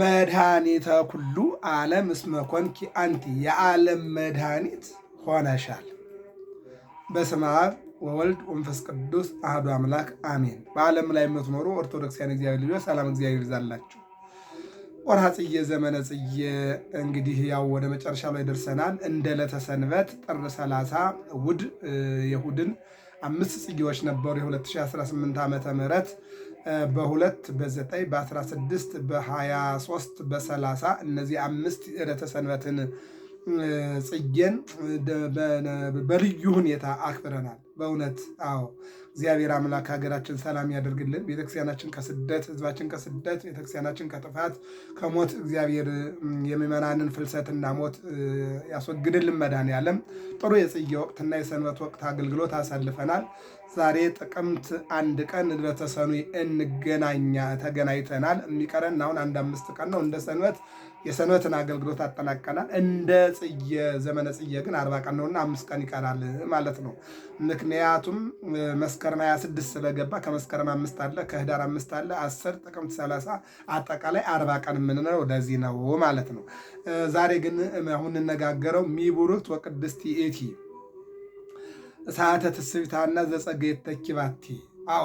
መድኃኒተ ኩሉ ዓለም እስመ ኮንኪ አንቲ የዓለም መድኃኒት ሆነሻል። በስመ አብ ወወልድ ወመንፈስ ቅዱስ አህዶ አምላክ አሜን። በዓለም ላይ የምትኖሩ ኦርቶዶክሳውያን እግዚአብሔር ልጆች ሰላም እግዚአብሔር ይብዛላችሁ። ወርሃ ጽጌ ዘመነ ጽጌ እንግዲህ ያው ወደ መጨረሻ ላይ ደርሰናል። እንደ ዕለተ ሰንበት ጥር 30 እሑድ የእሑድን አምስት ጽጌዎች ነበሩ የ2018 ዓመተ ምህረት በሁለት በዘጠኝ በአስራ ስድስት በሀያ ሶስት በሰላሳ እነዚህ አምስት ዕለተ ሰንበትን ጽጌን በልዩ ሁኔታ አክብረናል። በእውነት አዎ እግዚአብሔር አምላክ ሀገራችን ሰላም ያደርግልን። ቤተክርስቲያናችን ከስደት ህዝባችን ከስደት ቤተክርስቲያናችን ከጥፋት ከሞት እግዚአብሔር የሚመናንን ፍልሰትና ሞት ያስወግድልን። መድኃኔዓለም ጥሩ የጽጌ ወቅትና የሰንበት ወቅት አገልግሎት አሳልፈናል። ዛሬ ጥቅምት አንድ ቀን በተሰኑ እንገናኛ ተገናኝተናል። የሚቀረን አሁን አንድ አምስት ቀን ነው እንደ ሰንበት የሰንበትን አገልግሎት አጠናቀናል። እንደ ጽየ ዘመነ ጽየ ግን አርባ ቀን ነውና አምስት ቀን ይቀራል ማለት ነው። ምክንያቱም መስከረም 26 ስለገባ ከመስከረም አምስት አለ፣ ከህዳር አምስት አለ፣ 10 ጥቅምት 30 አጠቃላይ አርባ ቀን የምንለው ወደዚህ ነው ማለት ነው። ዛሬ ግን አሁን እንነጋገረው ሚቡርክት ወቅድስቲ ኤቲ ሰዓተ ትስብእታና ዘጸገየት ተኪባቲ አዎ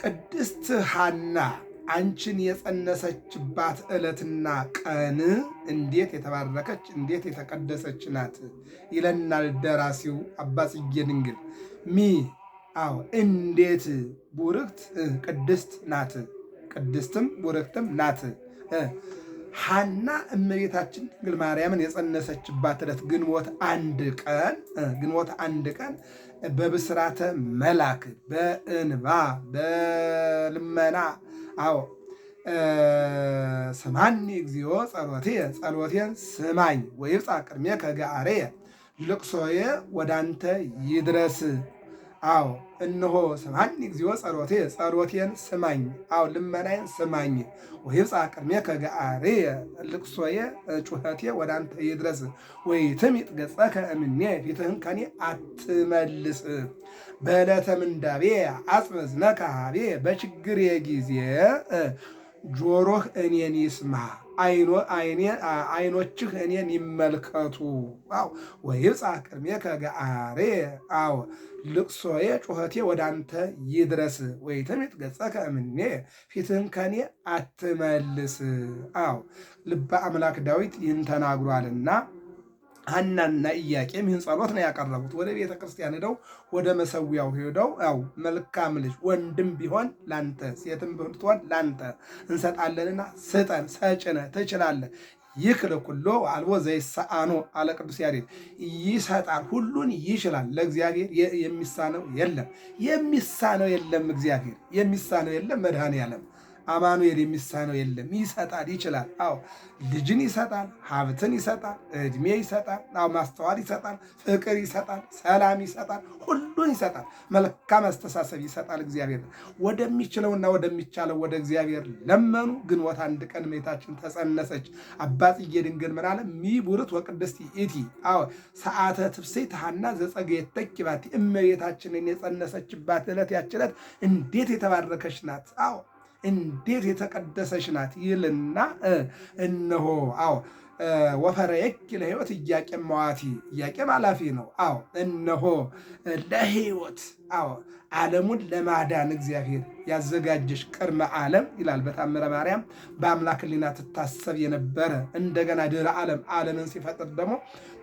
ቅድስት ሐና አንቺን የጸነሰችባት ዕለትና ቀን እንዴት የተባረከች እንዴት የተቀደሰች ናት ይለናል ደራሲው አባ ጽጌ ድንግል ሚ አዎ እንዴት ቡርክት ቅድስት ናት ቅድስትም ቡርክትም ናት ሐና እመቤታችን ድንግል ማርያምን የጸነሰችባት ዕለት ግንቦት አንድ ቀን ግንቦት አንድ ቀን በብስራተ መላክ በእንባ በልመና አዎ ስማኒ እግዚኦ ጸሎትየ ጸሎቴን ስማኝ ወይብጻእ ቅድሜከ ገአርየ ልቅሶዬ ወዳንተ ይድረስ አዎ እነሆ ስማኝ እግዚኦ ጸሎቴ ጸሎቴን ስማኝ። አዎ ልመናዬን ስማኝ። ወይብጻ ቅድሜ ከገአሬ ልቅሶዬ ጩኸቴ ወደ አንተ ይድረስ። ወይትምጥ ገጸከ ከእምኔ ፊትህን ከኔ አትመልስ። በዕለተ ምንዳቤ አጽመዝነ ካሃቤ በችግር ጊዜ ጆሮህ እኔን ይስማ። አይኖችህ እኔን ይመልከቱ። አዎ ቅድሜ ቅድሜከ ገአሬ። አዎ ልቅሶዬ ጩኸቴ ወደ አንተ ይድረስ። ወይትምጥ ገጸ እምኔ፣ ፊትህን ከኔ አትመልስ። አዎ ልበ አምላክ ዳዊት ይህን ተናግሯልና ሐናና ኢያቄም ይህን ጸሎት ነው ያቀረቡት። ወደ ቤተ ክርስቲያን ሄደው ወደ መሰዊያው ሄደው ያው መልካም ልጅ ወንድም ቢሆን ላንተ፣ ሴትም ብትሆን ላንተ እንሰጣለንና ስጠን፣ ሰጭነ ትችላለህ። ይክል ኩሎ አልቦ ዘይሰአኖ አለ ቅዱስ ያሬድ። ይሰጣል፣ ሁሉን ይችላል። ለእግዚአብሔር የሚሳነው የለም፣ የሚሳነው የለም። እግዚአብሔር የሚሳነው የለም። መድኃኔ ያለም አማኑኤል የሚሳነው የለም። ይሰጣል፣ ይችላል። አዎ ልጅን ይሰጣል፣ ሀብትን ይሰጣል፣ እድሜ ይሰጣል፣ አዎ ማስተዋል ይሰጣል፣ ፍቅር ይሰጣል፣ ሰላም ይሰጣል፣ ሁሉን ይሰጣል፣ መልካም አስተሳሰብ ይሰጣል። እግዚአብሔር ወደሚችለውና ወደሚቻለው ወደ እግዚአብሔር ለመኑ። ግንቦት አንድ ቀን እመቤታችን ተጸነሰች። አባጽዬ ድንግል ምን አለ? ሚቡርት ወቅድስቲ እቲ አዎ ሰዓተ ትብሴ ተሃና ዘጸገየተኪ ባቲ እመቤታችንን የጸነሰችባት ዕለት ያች ዕለት እንዴት የተባረከች ናት! አዎ እንዴት የተቀደሰች ናት ይልና እነሆ አዎ ወፈረየኪ ለህይወት እያቄ መዋቲ ኢያቄም አላፊ ነው። አዎ እነሆ ለህይወት አዎ ዓለሙን ለማዳን እግዚአብሔር ያዘጋጀሽ ቅድመ ዓለም ይላል በታምረ ማርያም። በአምላክ ሊና ትታሰብ የነበረ እንደገና ድረ ዓለም ዓለምን ሲፈጥር ደግሞ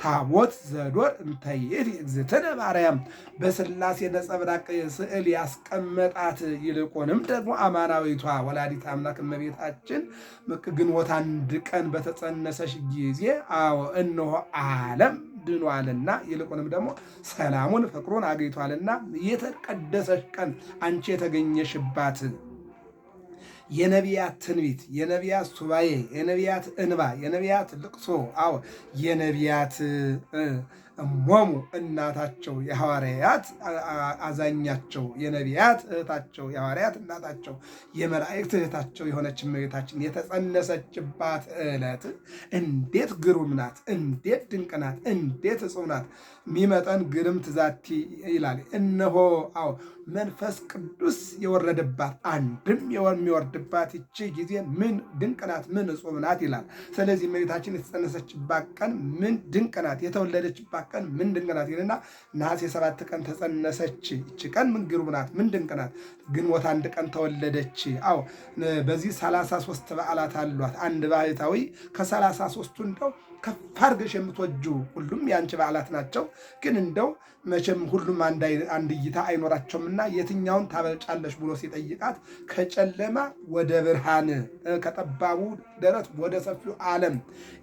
ታቦት ዘዶር እንተይት እግዝእትነ ማርያም በስላሴ ነጸብራቅ ስዕል ያስቀመጣት ይልቁንም ደግሞ አማናዊቷ ወላዲት አምላክ እመቤታችን ግንቦት አንድ ቀን በተጸነሰሽ ጊዜ አዎ እነሆ ዓለም ድኗልና ይልቁንም ደግሞ ሰላሙን ፍቅሩን አግኝቷልና የተቀደሰች ቀን አንቺ የተገኘሽባት የነቢያት ትንቢት፣ የነቢያት ሱባዬ የነቢያት እንባ፣ የነቢያት ልቅሶ፣ አዎ የነቢያት ሞሙ እናታቸው የሐዋርያት አዛኛቸው የነቢያት እህታቸው የሐዋርያት እናታቸው የመላእክት እህታቸው የሆነች እመቤታችን የተጸነሰችባት ዕለት እንዴት ግሩም ናት! እንዴት ድንቅ ናት! እንዴት እጹብ ናት! ሚመጠን ግርም ትዛቲ ይላል። እነሆ አዎ መንፈስ ቅዱስ የወረደባት አንድም የሚወርድባት እቺ ጊዜ ምን ድንቅ ናት፣ ምን እጹብ ናት ይላል። ስለዚህ መሬታችን የተጸነሰችባት ቀን ምን ድንቅ ናት፣ የተወለደችባት ቀን ምን ድንቅ ናት ይልና ነሐሴ ሰባት ቀን ተጸነሰች። እቺ ቀን ምን ግሩም ናት፣ ምን ድንቅ ናት። ግንቦት አንድ ቀን ተወለደች። አዎ በዚህ ሰላሳ ሶስት በዓላት አሏት። አንድ ባህታዊ ከሰላሳ ሶስቱ እንደው ከፍ አድርገሽ የምትወጁ ሁሉም የአንቺ በዓላት ናቸው። ግን እንደው መቼም ሁሉም አንድ እይታ አይኖራቸውምና የትኛውን ታበልጫለሽ ብሎ ሲጠይቃት ከጨለማ ወደ ብርሃን ከጠባቡ ደረት ወደ ሰፊው ዓለም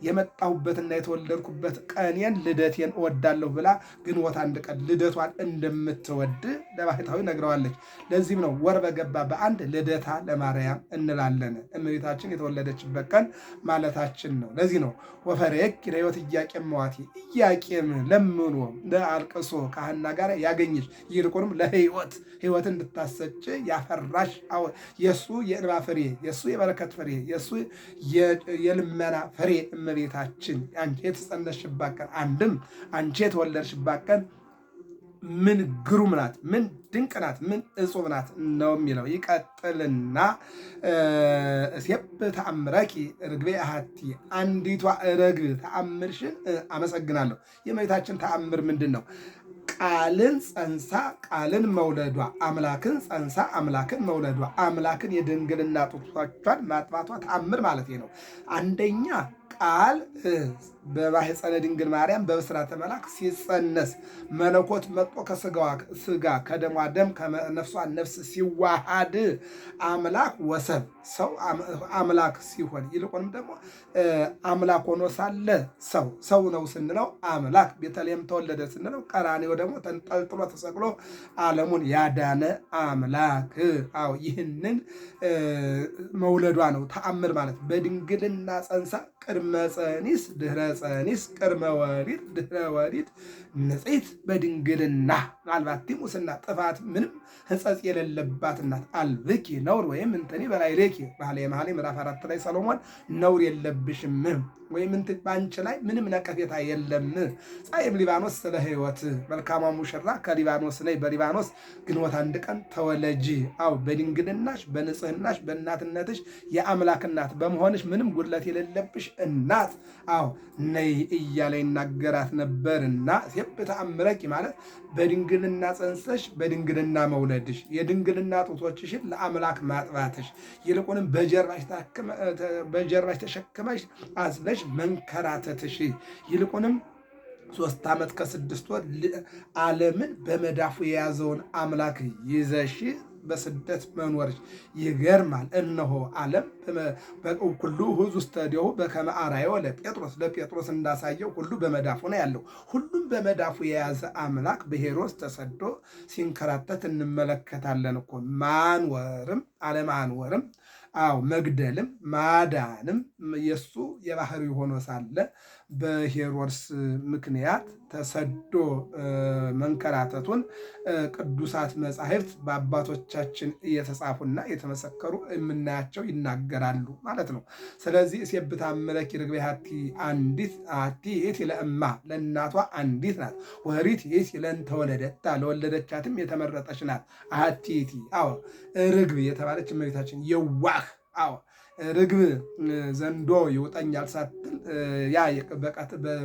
የመጣሁበትና የተወለድኩበት ቀኔን ልደቴን እወዳለሁ ብላ ግንቦት አንድ ቀን ልደቷን እንደምትወድ ለባህታዊ ነግረዋለች። ለዚህም ነው ወር በገባ በአንድ ልደታ ለማርያም እንላለን። እመቤታችን የተወለደችበት ቀን ማለታችን ነው። ለዚህ ነው ወፈሬክ ለህይወት ኢያቄም መዋቴ እያቄም ለምኖ ለአልቅሶ ከሐና ጋር ያገኘሽ፣ ይልቁንም ለህይወት ህይወት እንድታሰጭ ያፈራሽ የእሱ የእንባ ፍሬ፣ የእሱ የበረከት ፍሬ፣ የእሱ የልመና ፍሬ እመቤታችን አንቺ የተጸነስሽባት ቀን አንድም አንቺ የተወለድሽባት ቀን ምን ግሩም ናት፣ ምን ድንቅ ናት፣ ምን እጹብ ናት ነው የሚለው። ይቀጥልና ሴብ ተአምረኪ ርግቤ አሐቲ፣ አንዲቷ ርግብ ተአምርሽን አመሰግናለሁ። የእመቤታችን ተአምር ምንድን ነው? ቃልን ጸንሳ ቃልን መውለዷ አምላክን ጸንሳ አምላክን መውለዷ አምላክን የድንግልና ጡቶቿን ማጥባቷ ተአምር ማለት ነው። አንደኛ ቃል በማኅፀነ ድንግል ማርያም በብስራተ መልአክ ሲጸነስ መለኮት መጥቶ ከስጋዋ ስጋ ከደሟ ደም ከነፍሷ ነፍስ ሲዋሃድ አምላክ ወሰብ ሰው አምላክ ሲሆን ይልቁንም ደግሞ አምላክ ሆኖ ሳለ ሰው ሰው ነው ስንለው አምላክ ቤተልሔም ተወለደ ስንለው ቀራኔው ደግሞ ተንጠልጥሎ ተሰቅሎ ዓለሙን ያዳነ አምላክ አዎ ይህንን መውለዷ ነው ተአምር ማለት በድንግልና ጸንሳ ቅድመ ጸኒስ ድህረ መፀኒስ ቅድመ ወሊድ ድህረ ወሊድ ንጽሕት በድንግልና ምናልባት ሙስና ጥፋት ምንም ሕፀጽ የሌለባት እናት አልብኪ ነውር ወይም እንትኒ በላይ በላዕሌኪ ባህላዊ መኃልየ ምዕራፍ አራት ላይ ሰሎሞን ነውር የለብሽም ወይም እንትን በአንቺ ላይ ምንም ነቀፌታ የለም። ጻይም ሊባኖስ ስለ ሕይወት መልካሟ ሙሽራ ከሊባኖስ ነይ በሊባኖስ ግንቦት አንድ ቀን ተወለጂ። አው በድንግልናሽ በንጽህናሽ በእናትነትሽ የአምላክ እናት በመሆንሽ ምንም ጉድለት የሌለብሽ እናት አው ነይ እያለ ይናገራት ነበርና ሴብ ተአምረቂ ማለት በድንግልና ጸንሰሽ በድንግልና መውለድሽ የድንግልና ጡቶችሽን ለአምላክ ማጥባትሽ ይልቁንም በጀርባሽ ተሸክመሽ አዝለሽ መንከራተትሽ ይልቁንም ሶስት ዓመት ከስድስት ወር ዓለምን በመዳፉ የያዘውን አምላክ ይዘሽ በስደት መኖርሽ ይገርማል። እነሆ ዓለም ሁሉ ህዝ ውስጥ ዲሁ በከመ አርአዮ ለጴጥሮስ ለጴጥሮስ እንዳሳየው ሁሉ በመዳፉ ነው ያለው። ሁሉም በመዳፉ የያዘ አምላክ በሄሮስ ተሰዶ ሲንከራተት እንመለከታለን እኮ ማንወርም አለማንወርም አው መግደልም ማዳንም የእሱ የባህሪ ሆኖ ሳለ በሄሮድስ ምክንያት ተሰዶ መንከራተቱን ቅዱሳት መጻሕፍት በአባቶቻችን እየተጻፉና እየተመሰከሩ የምናያቸው ይናገራሉ ማለት ነው። ስለዚህ እሴብታምለኪ ርግቤ ሀቲ አንዲት አቲ ይእቲ ለእማ ለእናቷ አንዲት ናት። ወሪት ይእቲ ለእንተ ለወለደቻትም የተመረጠች ናት። አቲ ይእቲ አዎ ርግብ የተባለች እመቤታችን የዋህ አዎ ርግብ ዘንዶ ይውጠኛል ሳትል ያ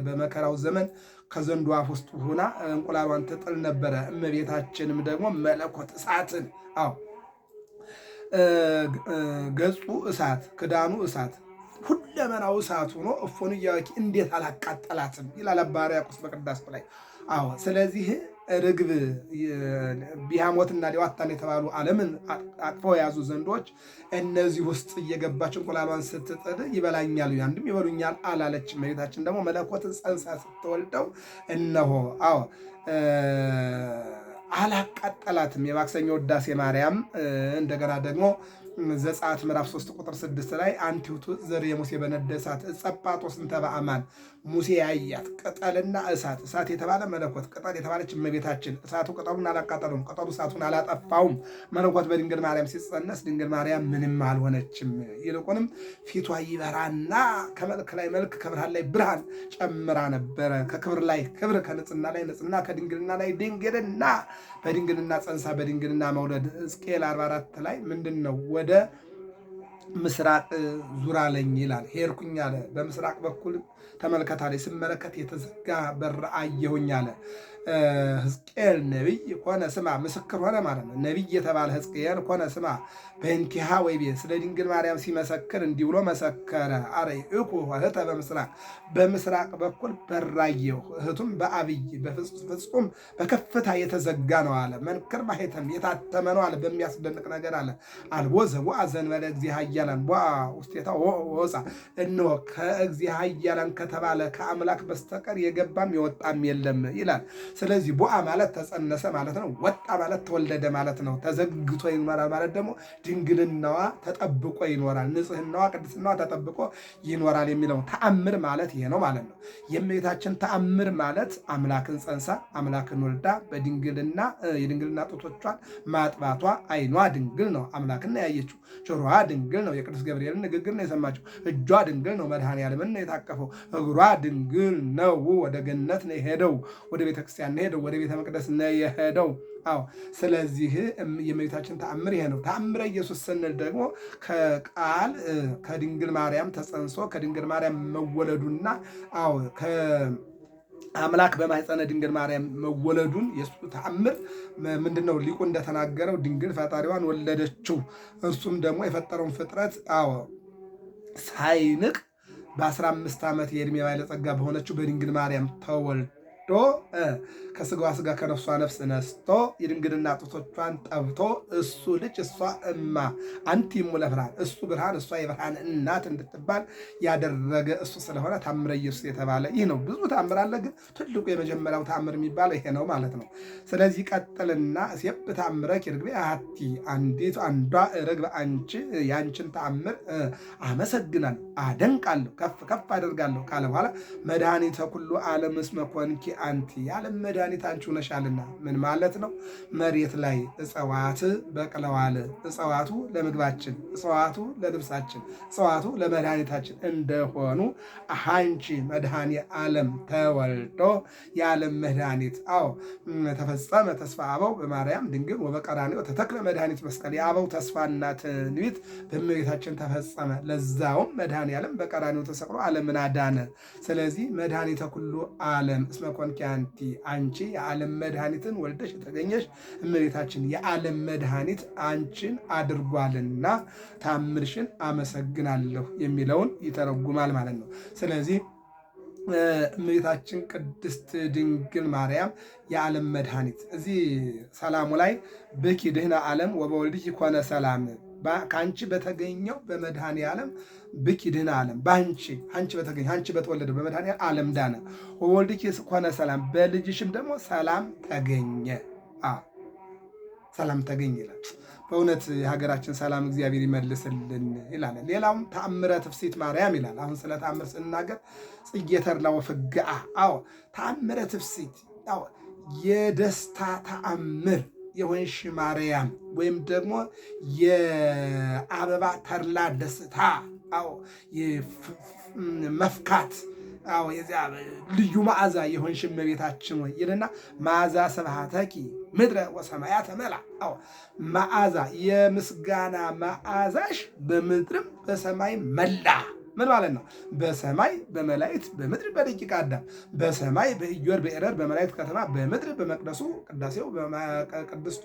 በመከራው ዘመን ከዘንዱ አፍ ውስጥ ሆና እንቁላሏን ትጥል ነበረ። እመቤታችንም ደግሞ መለኮት እሳትን አዎ ገጹ እሳት ክዳኑ እሳት ሁለመናው እሳት ሆኖ እፎን እያወኪ እንዴት አላቃጠላትም ይላል አባ ሕርያቆስ በቅዳሴው ላይ። አዎ ስለዚህ ርግብ ቢሃሞትና ሊዋታን የተባሉ ዓለምን አቅፈው የያዙ ዘንዶች እነዚህ ውስጥ እየገባች እንቁላሏን ስትጥል ይበላኛሉ፣ አንድም ይበሉኛል አላለች። መሬታችን ደግሞ መለኮትን ፀንሳ ስትወልደው እነሆ አዎ አላቃጠላትም። የማክሰኞ ውዳሴ ማርያም እንደገና ደግሞ ዘጸአት ምዕራፍ 3 ቁጥር 6 ላይ አንቲ ውእቱ ዘርእየ ሙሴ በነደ እሳት እጸጳጦስ እንተ በአማን ሙሴ ያያት ቅጠልና እሳት እሳት የተባለ መለኮት ቅጠል የተባለች እመቤታችን እሳቱ ቅጠሉን አላቃጠሉም ቅጠሉ እሳቱን አላጠፋውም መለኮት በድንግል ማርያም ሲጸነስ ድንግል ማርያም ምንም አልሆነችም ይልቁንም ፊቷ ይበራና ከመልክ ላይ መልክ ከብርሃን ላይ ብርሃን ጨምራ ነበረ ከክብር ላይ ክብር ከንጽህና ላይ ንጽህና ከድንግልና ላይ ድንግልና በድንግልና ጸንሳ በድንግልና መውለድ ሕዝቅኤል 44 ላይ ምንድን ነው ወደ ወደ ምስራቅ ዙራለኝ ይላል። ሄድኩኝ አለ። በምስራቅ በኩል ተመልከታለ ስመለከት የተዘጋ በር አየሁኝ አለ። ህዝቅኤል ነቢይ ኮነ ስማ ምስክር ሆነ ማለት ነው። ነቢይ የተባለ ህዝቅኤል ኮነ ስማ በእንቲሃ ወይ ቤት ስለ ድንግል ማርያም ሲመሰክር እንዲህ ብሎ መሰከረ። አረ እኩ እህተ በምስራቅ በምስራቅ በኩል በራየሁ እህቱም በአብይ በፍጹም በከፍታ የተዘጋ ነው አለ። መንክር ማሄተም የታተመ ነው አለ። በሚያስደንቅ ነገር አለ አልወዘ ዘወአ ዘእንበለ እግዚእ ሀያላን ውስቴታ ወፃ እንሆ ከእግዚእ ሀያላን ከተባለ ከአምላክ በስተቀር የገባም የወጣም የለም ይላል። ስለዚህ ቦአ ማለት ተጸነሰ ማለት ነው። ወጣ ማለት ተወለደ ማለት ነው። ተዘግቶ ይኖራል ማለት ደግሞ ድንግልናዋ ተጠብቆ ይኖራል፣ ንጽህናዋ፣ ቅድስናዋ ተጠብቆ ይኖራል የሚለው ተአምር ማለት ይሄ ነው ማለት ነው። የእመቤታችን ተአምር ማለት አምላክን ጸንሳ አምላክን ወልዳ በድንግልና የድንግልና ጡቶቿን ማጥባቷ አይኗ ድንግል ነው፣ አምላክና ያየችው። ጆሮዋ ድንግል ነው፣ የቅዱስ ገብርኤልን ንግግር ነው የሰማችው። እጇ ድንግል ነው፣ መድኃኔ ዓለምን የታቀፈው። እግሯ ድንግል ነው፣ ወደ ገነት ነው የሄደው ወደ ቤተክርስቲያን ቤተክርስቲያን ነው ሄደው ወደ ቤተ መቅደስ ነው የሄደው። አዎ ስለዚህ የእመቤታችን ተአምር ይሄ ነው። ተአምረ ኢየሱስ ስንል ደግሞ ከቃል ከድንግል ማርያም ተጸንሶ ከድንግል ማርያም መወለዱና አዎ አምላክ በማኅፀነ ድንግል ማርያም መወለዱን የእሱ ተአምር ምንድን ነው? ሊቁ እንደተናገረው ድንግል ፈጣሪዋን ወለደችው፣ እሱም ደግሞ የፈጠረውን ፍጥረት አዎ ሳይንቅ በ15 ዓመት የዕድሜ ባለጸጋ በሆነችው በድንግል ማርያም ተወልደ ወስዶ ከስጋዋ ስጋ ከነፍሷ ነፍስ ነስቶ የድንግልና ጡቶቿን ጠብቶ እሱ ልጅ እሷ እማ አንቲሙ ለብርሃን እሱ ብርሃን እሷ የብርሃን እናት እንድትባል ያደረገ እሱ ስለሆነ ታምረ ኢየሱስ የተባለ ይህ ነው። ብዙ ታምር አለ፣ ግን ትልቁ የመጀመሪያው ታምር የሚባለው ይሄ ነው ማለት ነው። ስለዚህ ቀጥልና ሴብ ታምረ ኪርግቤ አሐቲ አንዲቱ አንዷ ርግብ አንቺ ያንቺን ታምር አመሰግናል አደንቃለሁ፣ ከፍ ከፍ አደርጋለሁ ካለ በኋላ መድኃኒተ ኩሉ ዓለም እስመ ኮንኪ አንቲ የዓለም መድኃኒት አንቺ ነሻልና። ምን ማለት ነው? መሬት ላይ እጽዋት በቅለዋል። እጽዋቱ ለምግባችን፣ እጽዋቱ ለልብሳችን፣ እጽዋቱ ለመድኃኒታችን እንደሆኑ አንቺ መድኃኔ ዓለም ተወልዶ የዓለም መድኃኒት አዎ ተፈጸመ ተስፋ አበው በማርያም ድንግል ወበቀራንዮ ተተክለ መድኃኒት መስቀል የአበው ተስፋና ትንቢት በእመቤታችን ተፈጸመ። ለዛውም መድኃኔ ዓለም በቀራንዮ ተሰቅሎ ዓለምን አዳነ። ስለዚህ መድኃኒተ ኩሉ ዓለም እስመኮነ እምፀምኪ አንቲ አንቺ የዓለም መድኃኒትን ወልደሽ የተገኘሽ እመቤታችን የዓለም መድኃኒት አንቺን አድርጓልና ታምርሽን አመሰግናለሁ የሚለውን ይተረጉማል ማለት ነው። ስለዚህ እመቤታችን ቅድስት ድንግል ማርያም የዓለም መድኃኒት እዚህ ሰላሙ ላይ ብኪ ድህነ ዓለም ወበወልድ ኮነ ሰላም ከአንቺ በተገኘው በመድኃኔ ዓለም ብኪ ድህነ ዓለም በአንቺ አንቺ በተገኘ አንቺ በተወለደ በመድኃኔ ዓለም ዳነ። ወወልድኪ ኮነ ሰላም፣ በልጅሽም ደግሞ ሰላም ተገኘ። ሰላም ተገኝ ይላል። በእውነት የሀገራችን ሰላም እግዚአብሔር ይመልስልን ይላል። ሌላውም ተአምረ ትፍሲት ማርያም ይላል። አሁን ስለ ተአምር ስንናገር ጽጌ ተድላ ወፍግአ። አዎ ተአምረ ትፍሲት የደስታ ተአምር የወንሽ ማርያም ወይም ደግሞ የአበባ ተርላ ደስታ አዎ መፍካት አዎ የዚያ ልዩ መዓዛ የሆንሽ እመቤታችን ወይ ይልና መዓዛ ስብሐተኪ ምድረ ወሰማያተ መልአ። አዎ መዓዛ የምስጋና መዓዛሽ በምድርም በሰማይ መላ ምን ማለት ነው? በሰማይ በመላእክት በምድር በደቂቀ አዳም በሰማይ በኢዮር በኤረር በመላእክት ከተማ በምድር በመቅደሱ ቅዳሴው በቅድስቱ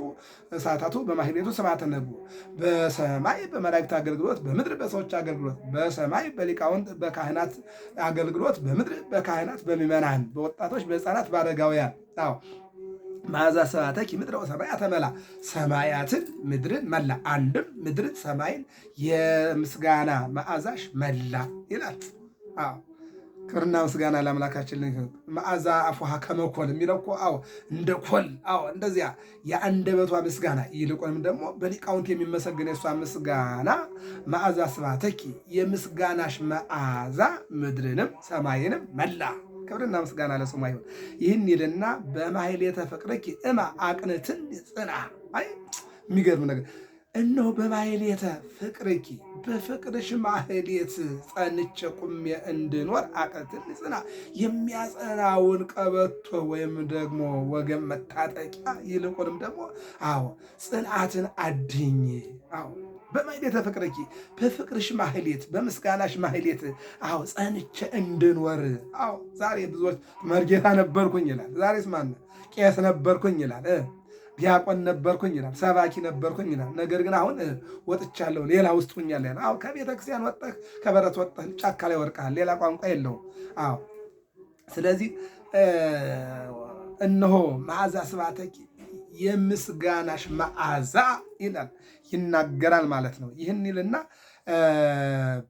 ሰዓታቱ በማህሌቱ ስብሐተ ነግቦ በሰማይ በመላእክት አገልግሎት በምድር በሰዎች አገልግሎት በሰማይ በሊቃውንት በካህናት አገልግሎት በምድር በካህናት በሚመናን በወጣቶች በህፃናት በአረጋውያን ማዛ ሰባተኪ ምድረ ወሰማያት ተመላ ሰማያትን ምድርን መላ አንድም ምድርን ሰማይን የምስጋና መዓዛሽ መላ ይላል። ክብርና ምስጋና ለአምላካችን። መዓዛ አፉሃ ከመኮል የሚለው እኮ አዎ፣ እንደ ኮል አዎ፣ እንደዚያ የአንደበቷ ምስጋና ይልቁንም ደግሞ በሊቃውንት የሚመሰግን የእሷ ምስጋና መዓዛ ስባተኪ የምስጋናሽ መዓዛ ምድርንም ሰማይንም መላ ክብርና ምስጋና ለስሙ ይሁን። ይህን ይልና በማሕሌተ ፍቅርኪ እማ አቅንትን ጽና። አይ የሚገርም ነገር እነሆ በማሕሌተ ፍቅርኪ በፍቅርሽ ማህሌት ጸንቼ ቁሜ እንድኖር አቅንትን ጽና። የሚያጸናውን ቀበቶ ወይም ደግሞ ወገን መታጠቂያ ይልቁንም ደግሞ አዎ ጽንዓትን አድኝ አዎ በማይሌተ ፍቅርኪ በፍቅርሽ ማህሌት በምስጋናሽ ማህሌት። አዎ ጸንቼ እንድኖር። አዎ ዛሬ ብዙዎች መርጌታ ነበርኩኝ ይላል። ዛሬስ ማን ቄስ ነበርኩኝ ይላል፣ ዲያቆን ነበርኩኝ ይላል፣ ሰባኪ ነበርኩኝ ይላል። ነገር ግን አሁን ወጥቻለሁ፣ ሌላ ውስጥ ሁኛለሁ አዎ ከቤተ ክርስቲያን ከበረት ወጥተህ ጫካ ላይ ወርቀሃል። ሌላ ቋንቋ የለውም። አዎ ስለዚህ እነሆ መዓዛ ስብሐተኪ የምስጋናሽ መዓዛ ይላል ይናገራል ማለት ነው። ይህን ይልና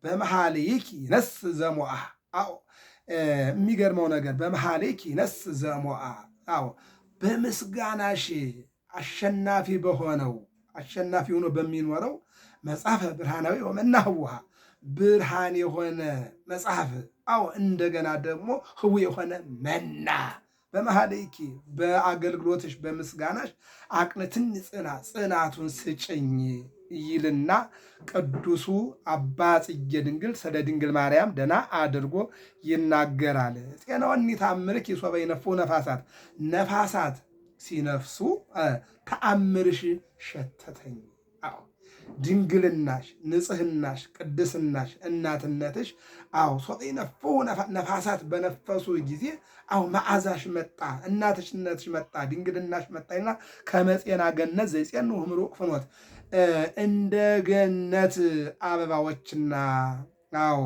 በመሐሌኪ ነስ ዘሞአ አዎ የሚገርመው ነገር በመሐሌኪ ነስ ዘሞአ አዎ በምስጋናሽ አሸናፊ በሆነው አሸናፊ ሆኖ በሚኖረው መጽሐፈ ብርሃናዊ ወመናህዋ ብርሃን የሆነ መጽሐፍ አዎ እንደገና ደግሞ ህዊ የሆነ መና በመሐሌኪ በአገልግሎትሽ በምስጋናሽ አቅንትን ጽና ጽናቱን ስጭኝ ይልና ቅዱሱ አባ ጽጌ ድንግል ስለ ድንግል ማርያም ደና አድርጎ ይናገራል። ጤናውን ታምርክ ይሶበ ይነፉ ነፋሳት ነፋሳት ሲነፍሱ ተአምርሽ ሸተተኝ። አዎ ድንግልናሽ፣ ንጽህናሽ፣ ቅድስናሽ፣ እናትነትሽ ሶጢ ነፉ ነፋሳት በነፈሱ ጊዜ አዎ መዓዛሽ መጣ፣ እናትሽነትሽ መጣ፣ ድንግልናሽ መጣና ከመፄና ገነት ዘይፄኑ ህምሩቅ ፍኖት እንደ ገነት አበባዎችና አዎ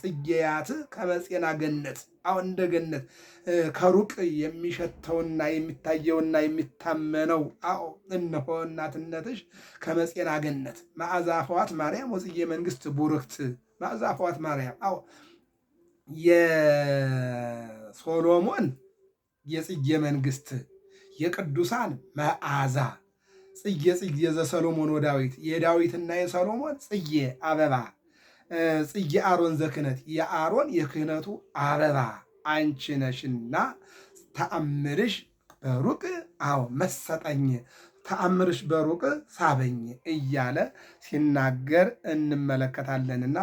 ጽጌያት ከመጼና ገነት አሁን እንደ ገነት ከሩቅ የሚሸተውና የሚታየውና የሚታመነው አዎ እነሆ እናትነትሽ ከመጼና ገነት መዓዛ ማርያም ወጽጌ መንግስት ቡርክት መዓዛ ማርያም አዎ የሶሎሞን የጽጌ መንግስት የቅዱሳን መዓዛ ጽጌ ጽጌ ዘሰሎሞን ወዳዊት የዳዊትና የሰሎሞን ጽጌ አበባ ጽጌ አሮን ዘክህነት የአሮን የክህነቱ አበባ አንቺ ነሽና ተአምርሽ በሩቅ አዎ መሰጠኝ ተአምርሽ በሩቅ ሳበኝ እያለ ሲናገር እንመለከታለንና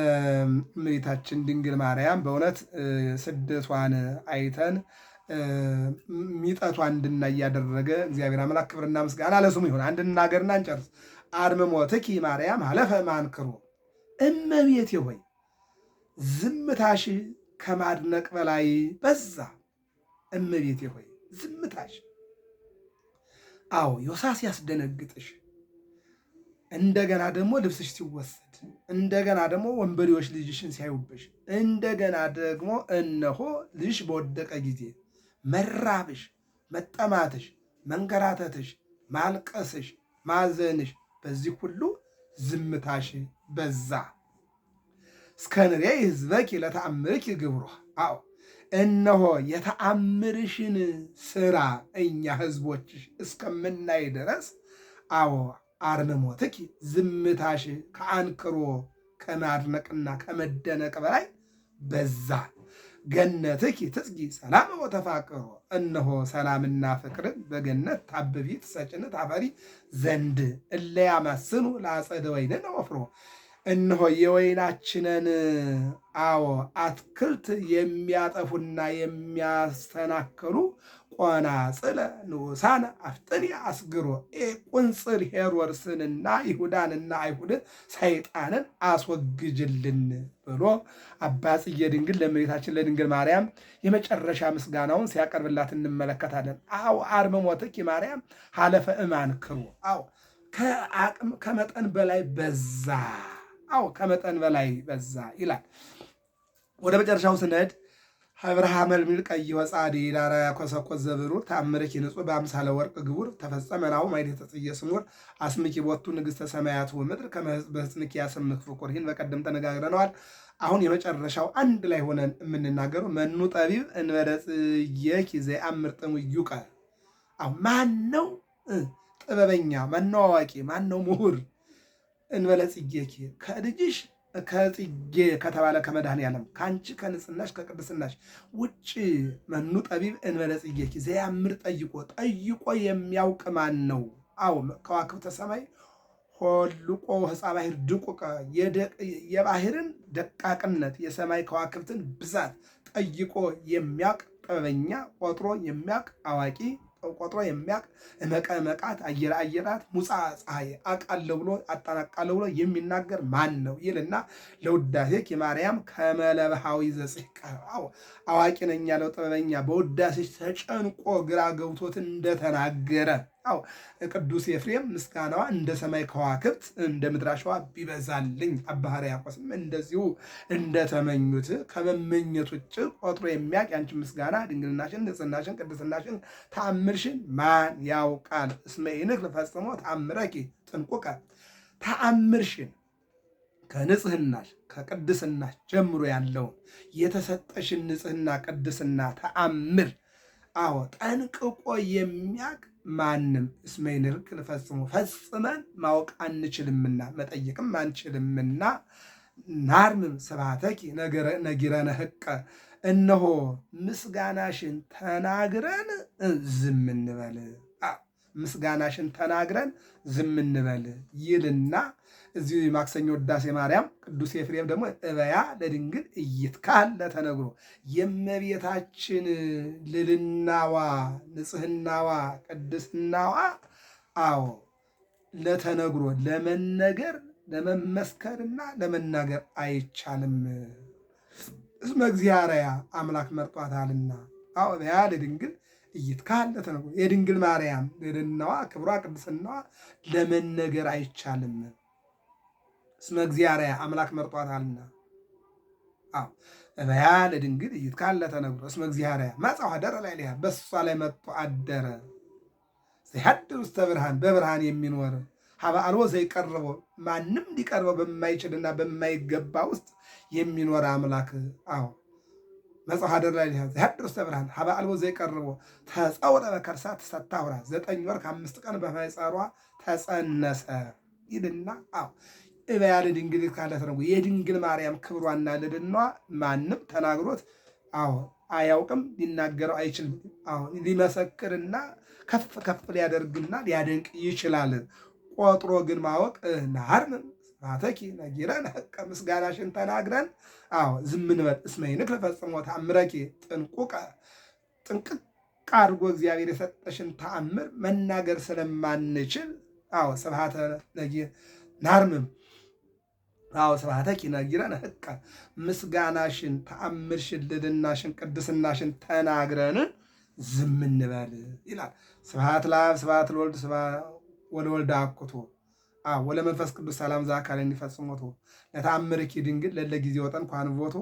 እመቤታችን ድንግል ማርያም በእውነት ስደቷን አይተን ሚጠቱ አንድና እያደረገ እግዚአብሔር አምላክ ክብርና ምስጋና ለስሙ ይሁን። አንድናገርና እንጨርስ እንጨርስ። ትኪ ማርያም አለፈ ማንክሮ እመቤቴ ሆይ ዝምታሽ ከማድነቅ በላይ በዛ። እመቤቴ ሆይ ዝምታሽ፣ አዎ ዮሳስ ያስደነግጥሽ፣ እንደገና ደግሞ ልብስሽ ሲወሰድ፣ እንደገና ደግሞ ወንበዴዎች ልጅሽን ሲያዩብሽ፣ እንደገና ደግሞ እነሆ ልጅሽ በወደቀ ጊዜ መራብሽ፣ መጠማትሽ፣ መንገራተትሽ፣ ማልቀስሽ፣ ማዘንሽ በዚህ ሁሉ ዝምታሽ በዛ። እስከንሬ ህዝበኪ ለተአምርኪ ግብሮ። አዎ እነሆ የተአምርሽን ስራ እኛ ህዝቦችሽ እስከምናይ ድረስ አዎ አርምሞትኪ ዝምታሽ ከአንክሮ ከማድነቅና ከመደነቅ በላይ በዛ። ገነትኪ ትጽጊ ሰላም ወተፋቅሮ እነሆ ሰላምና ፍቅርን በገነት ታብቢ ሰጭነት አፈሪ ዘንድ እለያ ማስኑ ለአጸደ ወይንን ወፍሮ እነሆ የወይናችንን አዎ አትክልት የሚያጠፉና የሚያስተናክሉ ቆናጽለ ንዑሳነ አፍጥኒ አስግሮ ቁንጽል ሄሮድስንና ይሁዳንና አይሁድን ሰይጣንን አስወግጅልን ብሎ አባ ጽዬ ድንግል ለድንግል ማርያም የመጨረሻ ምስጋናውን ሲያቀርብላት እንመለከታለን። አው አርምሞትኪ ማርያም ሀለፈ እማን ክሩ አው ከአቅም ከመጠን በላይ በዛ አው ከመጠን በላይ በዛ ይላል። ወደ መጨረሻው ስነድ ሀብረ ሐመል ሚል ቀይ ወጻዴ ዳራ ያኮሰኮስ ዘብሩ ተአምርኪ ንጹሕ በአምሳለ ወርቅ ግቡር ተፈጸመ ናሁ ማይድ የተጽየ ስሙር አስምኪ ቦቱ ንግሥተ ሰማያት ወምድር በህፅንኪ ያስምክ ፍቁርህን በቀደም ተነጋግረነዋል። አሁን የመጨረሻው አንድ ላይ ሆነን የምንናገረው መኑ ጠቢብ እንበለጽየኪ ዘየአምር ጥሙ ይውቃል። አሁን ማን ነው ጥበበኛ? ማነው አዋቂ? ማን ነው ምሁር? እንበለጽየኪ ከልጅሽ ከጽጌ ከተባለ ከመድኃኔ ዓለም ከአንቺ ከንጽህናሽ ከቅድስናሽ ውጭ መኑ ጠቢብ እንበለ ጽጌኪ ዘያምር ጠይቆ ጠይቆ የሚያውቅ ማን ነው? አዎ ከዋክብተ ሰማይ ሆልቆ ህፃ ባህር ድቁቀ የባህርን ደቃቅነት የሰማይ ከዋክብትን ብዛት ጠይቆ የሚያውቅ ጥበበኛ ቆጥሮ የሚያውቅ አዋቂ ቆጥሮ የሚያቅ እመቀ መቃት አየር አየራት ሙፃ ፀሐይ አቃለ ብሎ አጠናቃለ ብሎ የሚናገር ማን ነው ይልና ለውዳሴ የማርያም ከመለብሃዊ ዘጽቃ አዋቂ ነኝ ያለው ጥበበኛ በውዳሴች ተጨንቆ ግራ ገብቶት እንደተናገረ አዎ ቅዱስ ኤፍሬም ምስጋናዋ እንደ ሰማይ ከዋክብት እንደ ምድር አሸዋ ቢበዛልኝ አባ ሕርያቆስም እንደዚሁ እንደተመኙት ከመመኘት ውጭ ቆጥሮ የሚያውቅ ያንቺን ምስጋና ድንግልናሽን፣ ንጽሕናሽን፣ ቅድስናሽን፣ ተአምርሽን ማን ያውቃል? እስመ ይንክ ልፈጽሞ ተአምረኪ ጥንቁቀ ተአምርሽን ከንጽህናሽ ከቅድስናሽ ጀምሮ ያለውን የተሰጠሽን ንጽህና፣ ቅድስና፣ ተአምር አዎ ጠንቅቆ የሚያቅ ማንም እስመይን ርክን ፈጽመን ማወቅ አንችልምና መጠየቅም አንችልምና ናርምም ስብሐተኪ ነጊረነ ህቀ እነሆ ምስጋናሽን ተናግረን ዝም እንበል ምስጋናሽን ተናግረን ዝም እንበል ይልና እዚህ ማክሰኞ ውዳሴ ማርያም ቅዱስ ኤፍሬም ደግሞ እበያ ለድንግል እይትካል ለተነግሮ የእመቤታችን ልልናዋ፣ ንጽህናዋ፣ ቅድስናዋ አዎ ለተነግሮ ለመነገር ለመመስከርና ለመናገር አይቻልም። እስመ እግዚአርያ አምላክ መርጧታልና። አዎ እበያ ለድንግል እይትካል ለተነግሮ የድንግል ማርያም ልልናዋ፣ ክብሯ፣ ቅድስናዋ ለመነገር አይቻልም። እስመ እግዚአርያ አምላክ መርጧታልና። አዎ እበያ ለድንግል እይት ካለ ተነግሮ እስመ እግዚአርያ መጽሐ ደረ ላይ ሊያ በሷ ላይ መጥቶ አደረ። ዘይሐድር ውስተ ብርሃን በብርሃን የሚኖር ሀበአልቦ ዘይቀርቦ ማንም ሊቀርበው በማይችልና በማይገባ ውስጥ የሚኖር አምላክ አዎ መጽሐ ደረ ላይ ሊያ ዘይሐድር ውስተ ብርሃን ሀበአልቦ ዘይቀርቦ ተጸውረ በከርሳ ተሰታውራ ዘጠኝ ወር ከአምስት ቀን በማይጸሯ ተጸነሰ ይልና አዎ እበያለ ድንግል ካለተረጉ የድንግል ማርያም ክብሯና ልድናዋ ማንም ተናግሮት አዎ አያውቅም፣ ሊናገረው አይችልም። አዎ ሊመሰክርና ከፍ ከፍ ሊያደርግና ሊያደንቅ ይችላል። ቆጥሮ ግን ማወቅ ናርም ስብሐተኪ ነጊረን ሐቀ ምስጋናሽን ተናግረን አዎ ዝምንበል እስመይንክ ልፈጽሞ ታምረኪ ጥንቁቀ ጥንቅቅ አድርጎ እግዚአብሔር የሰጠሽን ተአምር መናገር ስለማንችል አዎ ስብሐተ ነጊር ናርምም አዎ ስብሐተ ኪነግረን ህቀ ምስጋናሽን ተአምርሽን ልድናሽን ቅድስናሽን ተናግረን ዝም እንበል ይላል። ስብሐት ለአብ ስብሐት ለወልድ ወለወልድ አብኩቶ ወለ ቅዱስ ሰላም ዘአካል እንዲፈጽሞቶ ለተአምርኪ ድንግል ለለ ጊዜ ወጠን ኳንቦቶ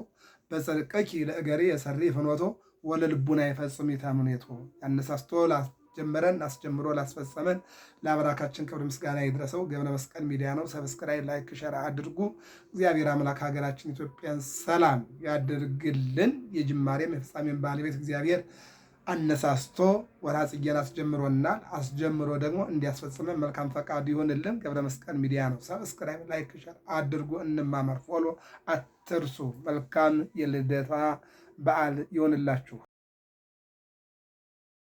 በጽድቅኪ ለእገሪ የሰሪ ፍኖቶ ወለልቡና ይፈጽም የታምኔቶ ያነሳስቶ ጀመረን አስጀምሮ ላስፈጸመን ለአምላካችን ክብር ምስጋና ይድረሰው። ገብረ መስቀል ሚዲያ ነው። ሰብስክራይብ፣ ላይክ፣ ሸር አድርጉ። እግዚአብሔር አምላክ ሀገራችን ኢትዮጵያን ሰላም ያደርግልን የጅማሬም የፍጻሜን ባለቤት እግዚአብሔር አነሳስቶ ወርሃ ጽጌን አስጀምሮናል። አስጀምሮ ደግሞ እንዲያስፈጽመን መልካም ፈቃዱ ይሆንልን። ገብረ መስቀል ሚዲያ ነው። ሰብስክራይብ፣ ላይክ፣ ሸር አድርጉ። እንማመር። ፎሎ አትርሱ። መልካም የልደታ በዓል ይሆንላችሁ።